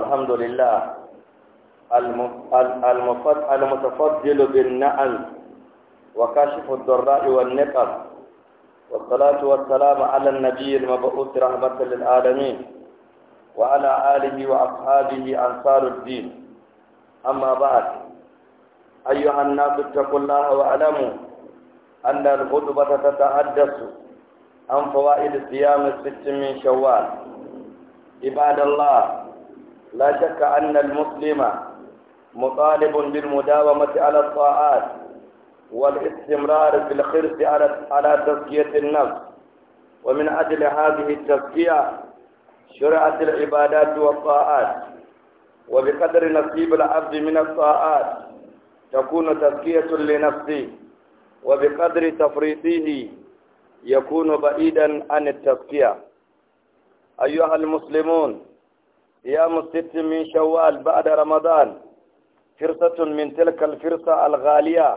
الحمد لله المتفضل بالنعم وكاشف الضراء والنقم والصلاة والسلام على النبي المبعوث رحمة للعالمين وعلى آله وأصحابه أنصار الدين أما بعد أيها الناس اتقوا الله واعلموا أن الخطبة تتحدث عن فوائد صيام الست من شوال عباد الله لا شك أن المسلم مطالب بالمداومة على الطاعات والاستمرار في الحرص على تزكية النفس ومن أجل هذه التزكية شرعت العبادات والطاعات وبقدر نصيب العبد من الطاعات تكون تزكية لنفسه وبقدر تفريطه يكون بعيدا عن التزكية أيها المسلمون صيام الست من شوال بعد رمضان فرصة من تلك الفرصة الغالية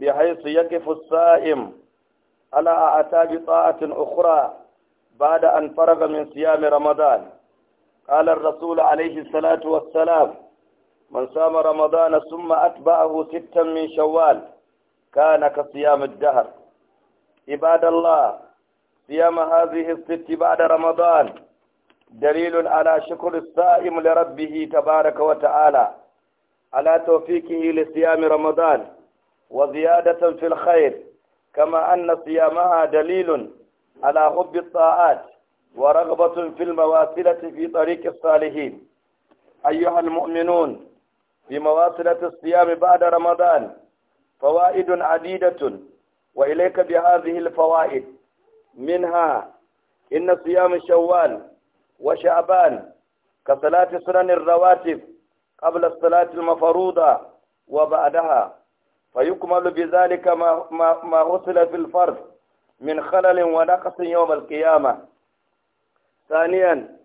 بحيث يقف الصائم على أعتاب طاعة أخرى بعد أن فرغ من صيام رمضان قال الرسول عليه الصلاة والسلام من صام رمضان ثم أتبعه ستا من شوال كان كصيام الدهر عباد الله صيام هذه الست بعد رمضان دليل على شكر الصائم لربه تبارك وتعالى على توفيقه لصيام رمضان وزيادة في الخير كما أن صيامها دليل على حب الطاعات ورغبة في المواصلة في طريق الصالحين أيها المؤمنون في مواصلة الصيام بعد رمضان فوائد عديدة وإليك بهذه الفوائد منها إن صيام شوال وشعبان كصلاة سنن الرواتب قبل الصلاة المفروضة وبعدها فيكمل بذلك ما, ما, ما وصل في الفرض من خلل ونقص يوم القيامة ثانيا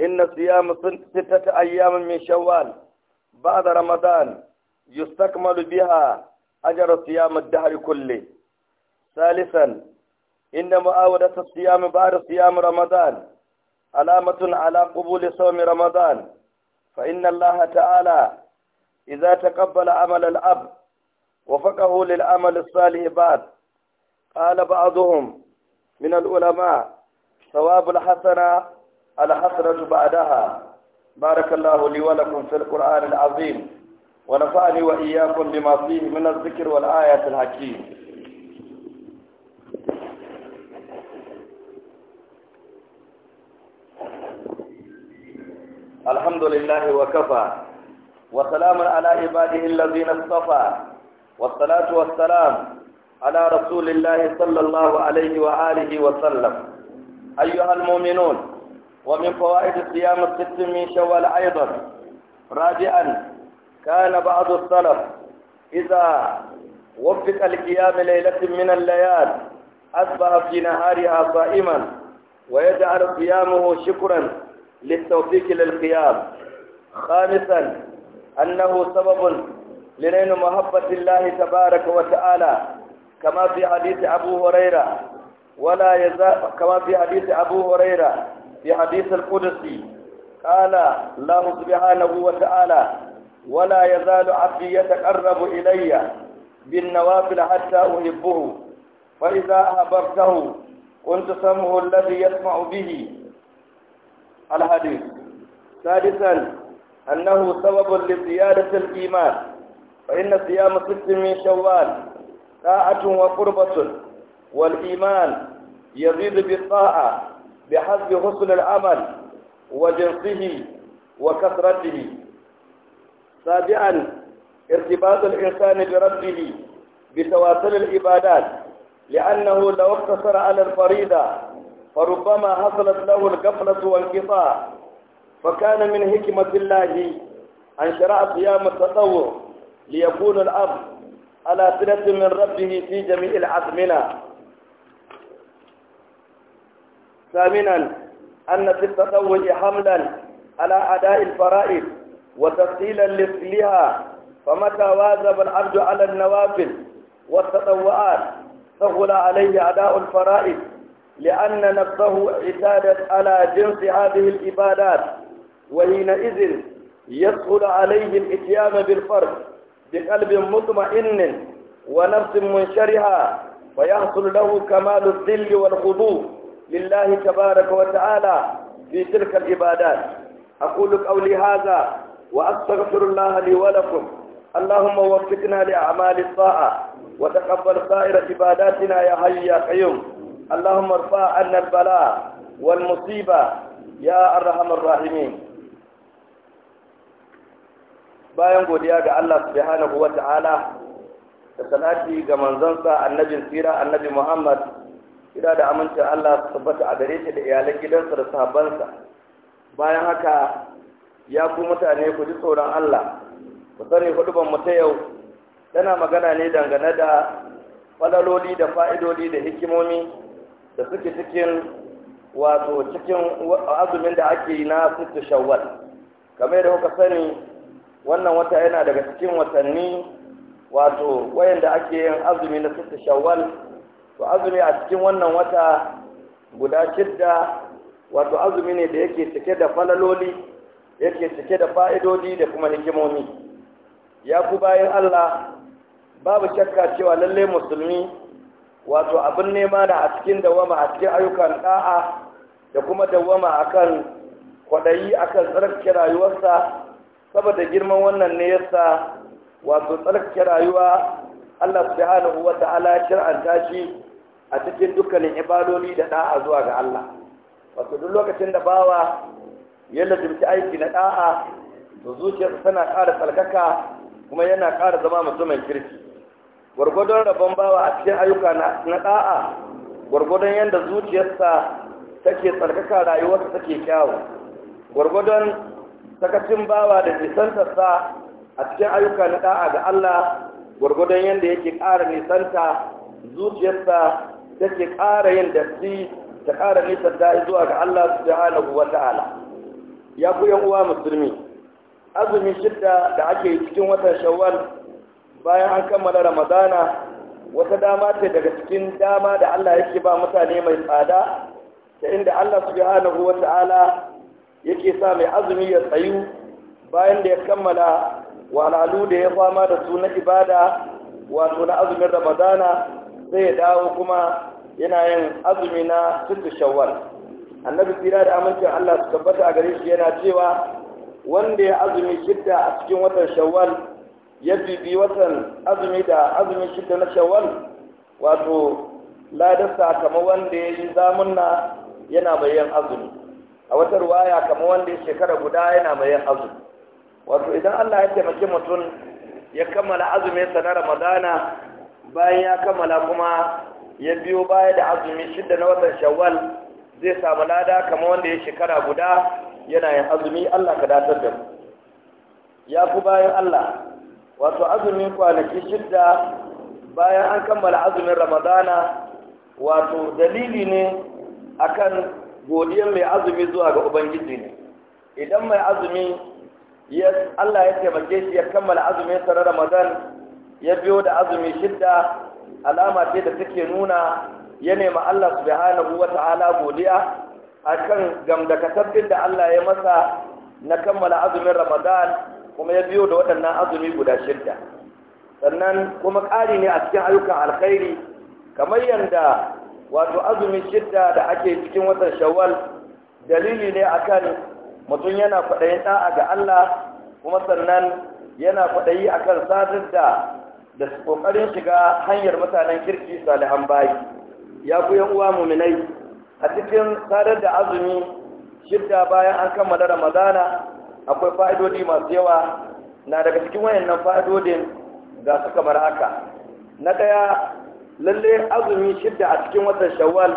إن صيام ستة أيام من شوال بعد رمضان يستكمل بها أجر صيام الدهر كله ثالثا إن معاودة الصيام بعد صيام رمضان علامة على قبول صوم رمضان فإن الله تعالى إذا تقبل عمل الأب وفقه للعمل الصالح بعد قال بعضهم من العلماء ثواب الحسنة الحسنة بعدها بارك الله لي ولكم في القرآن العظيم ونفعني وإياكم بما فيه من الذكر والآيات الحكيم الحمد لله وكفى وسلام على عباده الذين اصطفى والصلاة والسلام على رسول الله صلى الله عليه وآله وسلم أيها المؤمنون ومن فوائد صيام الست من شوال أيضا راجعا كان بعض السلف إذا وفق القيام ليلة من الليال أصبح في نهارها صائما ويجعل قيامه شكرا للتوفيق للقيام خامسا أنه سبب لنين محبة الله تبارك وتعالى كما في حديث أبو هريرة ولا يزال كما في حديث أبو هريرة في حديث القدسي قال الله سبحانه وتعالى ولا يزال عبدي يتقرب إلي بالنوافل حتى أحبه فإذا أحببته كنت سمه الذي يسمع به الحديث سادسا أنه سبب لزيادة الإيمان فإن صيام ست من شوال طاعة وقربة والإيمان يزيد بالطاعة بحسب حسن العمل وجنسه وكثرته سابعا ارتباط الإنسان بربه بتواصل العبادات لأنه لو اقتصر على الفريضة فربما حصلت له الغفلة والقطاع فكان من حكمة الله أن شرع صيام التطوع ليكون الأب على صلة من ربه في جميع العزمنا ثامنا أن في التطوع حملا على أداء الفرائض وتسهيلا لها فمتى واجب العبد على النوافل والتطوعات سهل عليه أداء الفرائض لأن نفسه اعتادت على جنس هذه العبادات وحينئذ يسهل عليه الاتيان بالفرد بقلب مطمئن ونفس منشرحة فيحصل له كمال الذل والخضوع لله تبارك وتعالى في تلك العبادات أقول قولي هذا وأستغفر الله لي ولكم اللهم وفقنا لأعمال الطاعة وتقبل سائر عباداتنا يا حي يا قيوم اللهم ارفع عنا البلاء والمصيبة يا أرحم الراحمين bayan godiya ga Allah subhanahu ta'ala da salati ga manzansa annabin sira annabi Muhammad kira da amincin Allah su tabbata a gare shi da iyalan gidansa da sahabbansa bayan haka ya ku mutane ku ji tsoron Allah ku sani huduban mu ta yau tana magana ne dangane da falaloli da fa'idodi da hikimomi da suke cikin wato cikin azumin da ake yi na sittu shawwal kamar da kuka sani wannan wata yana daga cikin watanni wato wayanda ake yin azumi na sittu shawwal to azumi a cikin wannan wata guda shidda wato azumi ne da yake cike da falaloli yake cike da fa'idodi da kuma hikimomi ya ku bayan Allah babu shakka cewa lallai musulmi wato abin nema na a cikin dawama a cikin ayyukan da'a da kuma dawama akan kwaɗayi akan tsarki rayuwarsa saboda girman wannan ne yasa wato tsarki rayuwa Allah subhanahu wa ta'ala shir'anta shi a cikin dukkanin ibadoli da da'a zuwa ga Allah wato duk lokacin da bawa ya lazimci aiki na da'a to zuciyarsa tana ƙara tsarkaka kuma yana ƙara zama mutumin kirki gwargwadon rabon bawa a cikin ayyuka na ɗa'a gwargwadon yadda zuciyarsa take tsarkaka rayuwarsa take kyawu gwargwadon sakacin bawa da nisantarsa a cikin ayyuka na ɗa'a ga Allah gwargwadon yadda yake ƙara nisanta zuciyarsa take ƙara yin dasti ta ƙara nisanta zuwa ga Allah subhanahu wa ta'ala ya ku yan uwa musulmi azumin shidda da ake yi cikin watan shawwal bayan an kammala ramadana wata dama ce daga cikin dama da Allah yake ba mutane mai tsada ta inda Allah subhanahu wa ta'ala yake sa mai azumi ya tsayu bayan da ya kammala walalu da ya fama da su na ibada wato na azumin ramadana sai ya dawo kuma yana yin azumi na sittu shawar, annabi tsira da amincin Allah su tabbata a gare shi yana cewa wanda ya azumi shidda a cikin watan shawar. ya bibi watan azumi da azumi shi na shawwal wato ladarsa kama wanda ya yi zamunna yana mai yin azumi a wata ruwaya kama wanda ya shekara guda yana mai yin azumi wato idan Allah ya taimaki mutum ya kammala azuminsa na ramadana bayan ya kammala kuma ya biyo baya da azumi shida na watan shawwal zai samu lada kama wanda ya shekara guda yana yin azumi Allah ka datar da mu ya ku bayan Allah wato azumin kwanaki shidda bayan an kammala azumin ramadana wato dalili ne akan godiyar mai azumi zuwa ga ubangiji ne idan mai azumi Allah ya taimake shi ya kammala azumin sa Ramadan ya biyo da azumi shidda alama ce da take nuna ya nema Allah subhanahu wata'ala godiya akan gamdakatar da Allah ya masa na kammala azumin Ramadan kuma ya biyo da waɗannan azumi guda shidda sannan kuma ƙari ne a cikin ayyukan alkhairi kamar yadda wato azumin shidda da ake cikin watan shawwal dalili ne akan mutum yana kwaɗayin ɗa'a ga Allah kuma sannan yana kwaɗayi akan sadar da da ƙoƙarin shiga hanyar mutanen kirki salihan bayi ya ku yan uwa muminai a cikin sadar da azumi shidda bayan an kammala ramadana akwai fa'idodi masu yawa na daga cikin wayannan fa'idodin ga su kamar haka na ɗaya lalle azumi shidda a cikin watan shawwal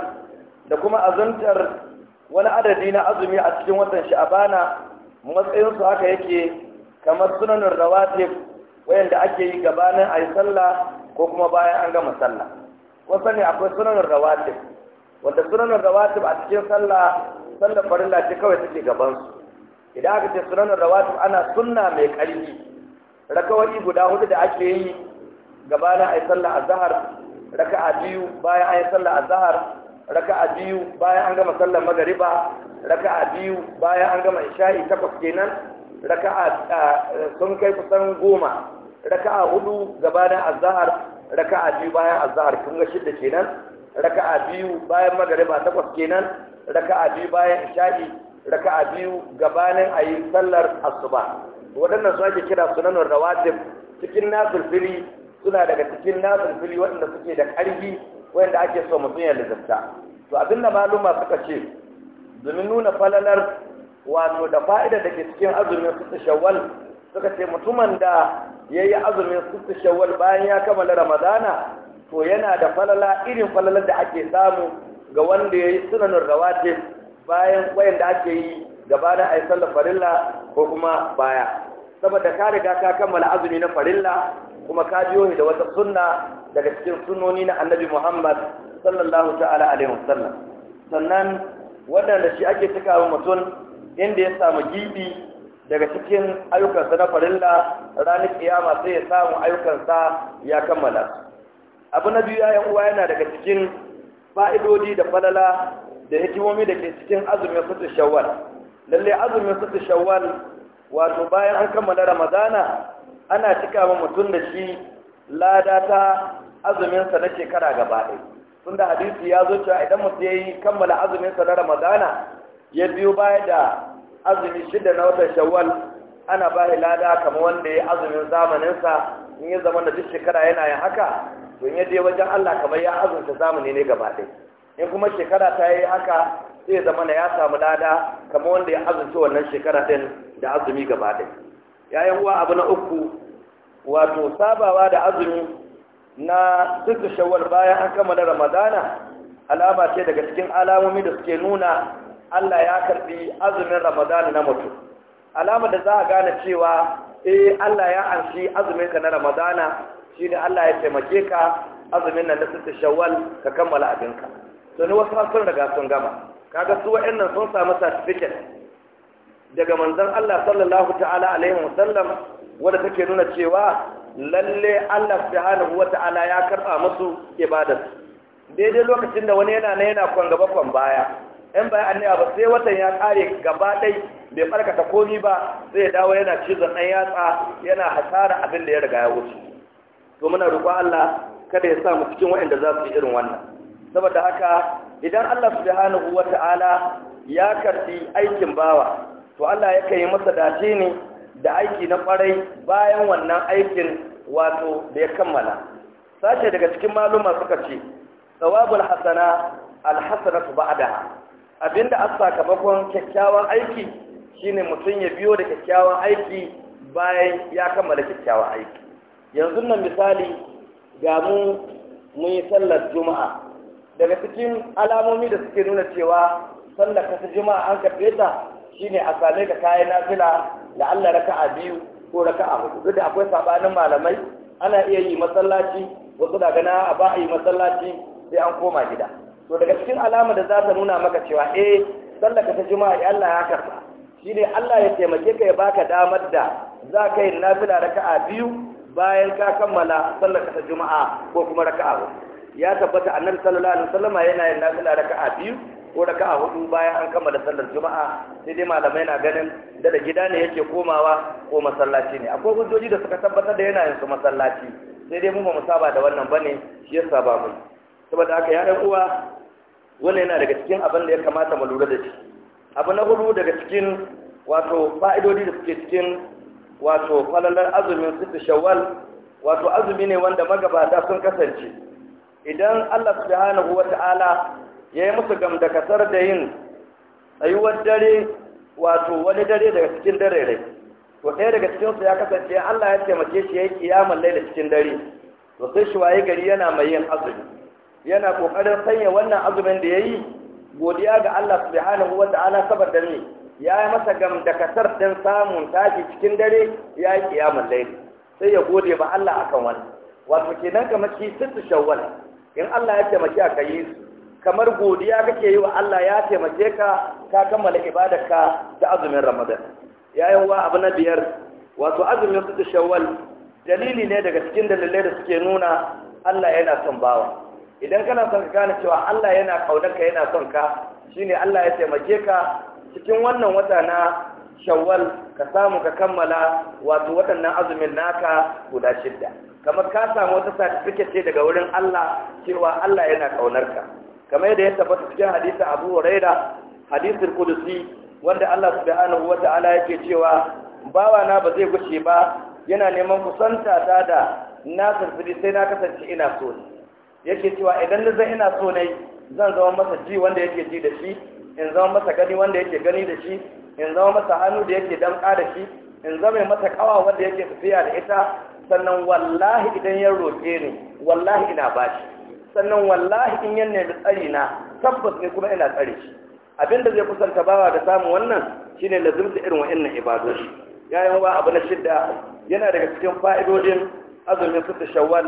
da kuma azantar wani adadi na azumi a cikin watan sha'abana matsayinsu haka yake kamar sunanin rawatif da ake yi gabanin a yi sallah ko kuma bayan an gama sallah kun ne akwai sunanin rawatif wanda sunanin rawatif a cikin sallah sallar farilla ce kawai take gabansu idan aka ce sunanin rawatu ana sunna mai ƙarfi rakawai guda hudu da ake yi gabanin a yi sallah Raka a biyu bayan an yi sallah Raka a biyu bayan an gama sallar magariba a biyu bayan an gama isha'i takwas kenan a sun kai kusan goma Raka a hudu gabanin Raka a biyu bayan zahar kun ga shidda kenan a biyu bayan magariba takwas kenan a biyu bayan isha'i raka'a biyu gabanin a yi sallar asuba waɗannan su ake kira sunanar rawatib cikin nafilfili suna daga cikin nafilfili waɗanda suke da ƙarfi waɗanda ake so mutum ya lizarta to abin da maluma suka ce domin nuna falalar wato da fa'ida da ke cikin azumin su shawwal suka ce mutumin da ya yi azumin su shawwal bayan ya kammala ramadana to yana da falala irin falalar da ake samu ga wanda ya yi sunanar rawatib bayan wayan da ake yi gaba a ayi sallar farilla ko kuma baya saboda ka riga ka kammala azumi na farilla kuma ka biyo da wata sunna daga cikin sunnoni na annabi muhammad sallallahu ta'ala alaihi wasallam sannan da shi ake cikawa mutum inda ya samu gibi daga cikin ayyukansa na farilla ranar kiyama sai ya samu ayyukansa ya kammala abu na biyu yayan uwa yana daga cikin fa'idodi da falala da hikimomi da ke cikin azumin sittu shawwal lalle azumin sittu shawwal wato bayan an kammala ramadana ana cika ma mutum da shi lada ta azuminsa na shekara gaba ɗaya tun da hadisi ya zo cewa idan mutum ya yi kammala azuminsa na ramadana ya biyo baya da azumi shida na watan shawwal ana ba shi lada kamar wanda ya azumin zamaninsa in ya zama da duk shekara yana yin haka to in ya je wajen allah kamar ya azumta zamani ne gaba ɗaya in kuma shekara ta yi haka zai zama na ya samu lada kamar wanda ya azumci wannan shekara ɗin da azumi gaba ɗaya yayin uwa abu na uku wato sabawa da azumi na duk shawar bayan an kammala ramadana alama ce daga cikin alamomi da suke nuna Allah ya karbi azumin ramadana na mutu. alama da za a gane cewa eh Allah ya anshi azumin ka na ramadana shine Allah ya taimake ka azumin nan na sittin ka kammala abinka to wasu sun daga sun gama kaga su wa'annan sun samu certificate daga manzon Allah sallallahu ta'ala alaihi sallam wanda take nuna cewa lalle Allah subhanahu wa ta'ala ya karba musu ibadarsu daidai lokacin da wani yana na yana kwan gaba kwan baya yan baya an ba sai watan ya kare gaba ɗaya bai farkata komi ba zai dawo yana cizon ɗan yatsa yana hasara abin da ya riga ya wuce to muna roƙo Allah kada ya sa mu cikin waɗanda za su yi irin wannan saboda haka idan Allah subhanahu wata'ala ya karbi aikin bawa to Allah yake yi masa dace ne da aiki na kwarai bayan wannan aikin wato da ya kammala sace daga cikin maluma suka ce thawabul hasana alhasanatu ba'daha abinda as sakamakon kyakkyawan aiki shine mutum ya biyo da kyakkyawan aiki bayan ya kammala kyakkyawan aiki yanzu nan misali ga mu mun yi sallar juma'a daga cikin alamomi da suke nuna cewa sallar ka ta an karfe ta shine a same ka kayan nafila da Allah raka'a biyu ko raka'a hudu duk da akwai sabanin malamai ana iya yi masallaci wasu da gana a ba a yi masallaci sai an koma gida to daga cikin alama da za ta nuna maka cewa eh sallar ka ta ya Allah ya karɓa shine Allah ya taimake ka ya baka damar da za ka yi nafila raka'a biyu bayan ka kammala sallar ka ta juma'a ko kuma raka'a hudu ya tabbata annabi sallallahu alaihi wasallam yana yin nafila raka'a biyu ko raka'a hudu bayan an kammala sallar juma'a sai dai malamai na ganin da gida ne yake komawa ko masallaci ne akwai hujjoji da suka tabbatar da yana yin su masallaci sai dai mu ba mu saba da wannan bane shi yasa ba mu saboda haka ya uwa wannan yana daga cikin abin da ya kamata mu lura da shi abu na hudu daga cikin wato fa'idodi da suke cikin wato falalar azumin sittu shawwal wato azumi ne wanda magabata sun kasance idan Allah subhanahu wata'ala ya yi musu gam da yin tsayuwar dare wato wani dare daga cikin dare rai to ɗaya daga cikinsu ya kasance Allah ya taimake shi ya yi kiyamun da cikin dare to sai shi waye gari yana mai yin azumi yana kokarin sanya wannan azumin da ya yi godiya ga Allah subhanahu wata'ala saboda me ya yi masa kasar din samun tashi cikin dare ya yi kiyamun sai ya gode ba Allah akan wannan wato kenan kamar shi sun shawwala in Allah ya taimake ka kai su kamar godiya kake yi wa Allah ya taimake ka ka kammala ibadarka ta azumin Ramadan yayin wa abu na biyar wato azumin su shawwal dalili ne daga cikin dalilai da suke nuna Allah yana son bawa idan kana son ka gane cewa Allah yana ka yana son ka shine Allah ya taimake ka cikin wannan wata na shawwal ka samu ka kammala wato waɗannan azumin naka guda shidda kamar ka samu wata certificate ce daga wurin Allah cewa Allah yana kaunar ka kamar yadda ya tabbata cikin hadisin Abu Huraira hadisin Qudusi wanda Allah subhanahu wata'ala yake cewa bawa na ba zai gushe ba yana neman kusanta ta da na sarfiri sai na kasance ina so yake cewa idan na zan ina so ne zan zama masa ji wanda yake ji da shi in zama masa gani wanda yake gani da shi in zama masa hannu da yake damƙa da shi in zama mata kawa wanda yake tafiya da ita sannan wallahi idan ya roƙe ni wallahi ina bashi sannan wallahi in yan nemi tsari na tabbas ne kuma ina tsari. shi abinda zai kusanta bawa da samun wannan shine lazimta irin wa'annan ibadoshi yayin wa abu na shidda yana daga cikin fa'idodin azumin sutta shawwal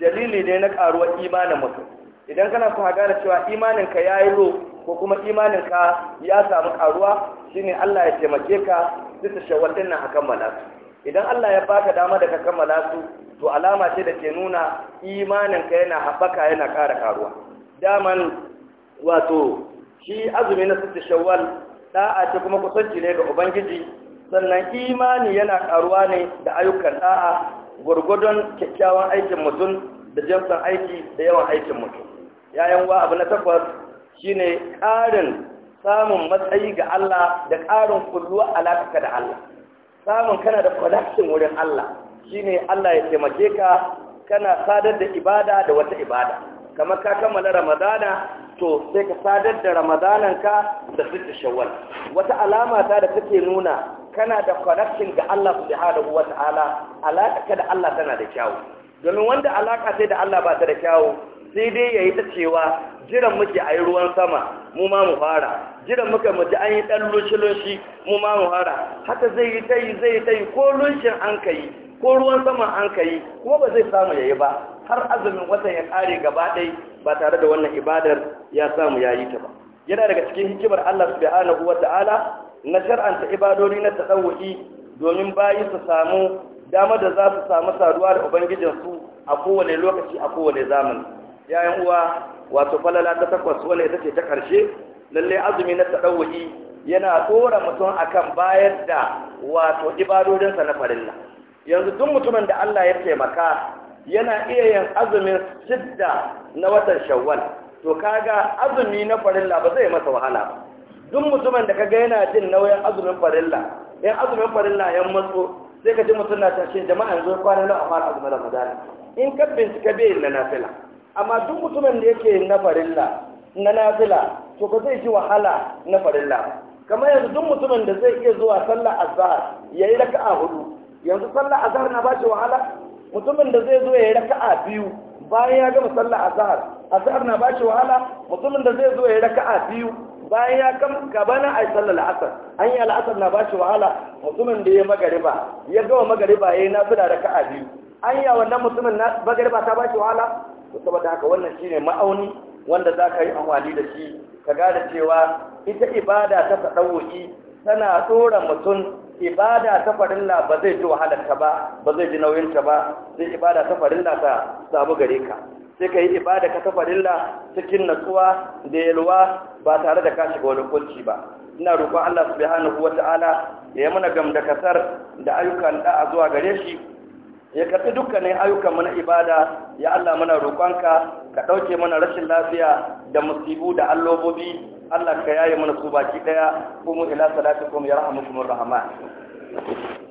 dalili ne na karuwar imanin mutum idan kana so ka gane cewa imaninka yayi ro ko kuma ka ya samu karuwa shine Allah ya taimake ka duk da din nan a kammala su idan Allah ya baka dama da ka kammala su to alama ce da ke nuna imanin ka yana haɓaka yana ƙara karuwa daman wato shi azumi na sittu shawwal da'a ce kuma kusanci ne ga ubangiji sannan imani yana karuwa ne da ayyukan da'a gurgudun kyakkyawan aikin mutum da jinsin aiki da yawan aikin mutum yayin wa abu na takwas shine ƙarin samun matsayi ga Allah da ƙarin kulluwa alaƙa da Allah samun kana da connection wurin Allah shine Allah ya taimake ka kana sadar da ibada da wata ibada kamar ka kammala ramadana to sai ka sadar da ramadanan ka da sittu shawwal wata alama ta da take nuna kana da connection ga Allah subhanahu wata'ala Alaƙa da Allah tana da kyau. domin wanda alaƙa sai da Allah ba ta da kyau. sai dai ya yi ta cewa jiran muke a yi ruwan sama mu ma mu fara jiran muka mutu an yi ɗan lunshi-lunshi mu ma mu fara haka zai yi ta yi zai yi ta yi ko lunshin an ka yi ko ruwan sama an ka yi kuma ba zai samu ya yi ba har azumin watan ya ƙare gaba ɗai ba tare da wannan ibadar ya samu ya yi ta ba yana daga cikin hikimar Allah subhanahu wa ta'ala na shar'anta ibadori na tadawu'i domin bayi su samu dama da za su samu saduwa da ubangijinsu a kowane lokaci a kowane zamani yayan uwa wato falala ta takwas wala ita ce ta karshe lalle azumi na tadawwi yana tsora mutum akan bayar da wato sa na farilla yanzu duk mutumin da Allah ya taimaka yana iya yin azumin sidda na watan shawwal to kaga azumi na farilla ba zai masa wahala ba duk mutumin da kaga yana jin nauyin azumin farilla in azumin farilla ya matso sai ka ji mutum na tashin jama'a yanzu kwana na a fara azumin ramadan in ka bincika bai na nafila amma duk mutumin da yake na farilla na nafila to ba zai ji wahala na farilla kamar yanzu duk mutumin da zai iya zuwa sallar azhar yayi raka'a hudu yanzu sallar azhar na ba shi wahala mutumin da zai zo yayi raka'a biyu bayan ya gama sallar azhar azhar na ba shi wahala mutumin da zai zo yayi raka'a biyu bayan ya kam gabana a sallar la'asar an yi al'asar na ba shi wahala mutumin da ya magariba ya gama magariba yayi nafila raka'a biyu an yi wannan mutumin na magariba ta ba shi wahala to saboda haka wannan shine ma'auni wanda za ka yi amfani da shi ka gane cewa ita ibada ta tsadawuki tana tsora mutum ibada ta farilla ba zai ji wahalarta ba ba zai ji nauyin ta ba sai ibada ta farilla ta samu gare ka sai ka ibada ka ta farilla cikin natsuwa da yalwa ba tare da ka shiga wani kunci ba ina roƙon Allah subhanahu wata'ala ya yi mana kasar da ayyukan da'a zuwa gare shi ya karɓi dukkanin ayyukan mana ibada ya Allah mana roƙonka ka ɗauke mana rashin lafiya da musibu da allobobi Allah ka yaye mana su baki ɗaya kuma ila salatikum yarhamukumur rahman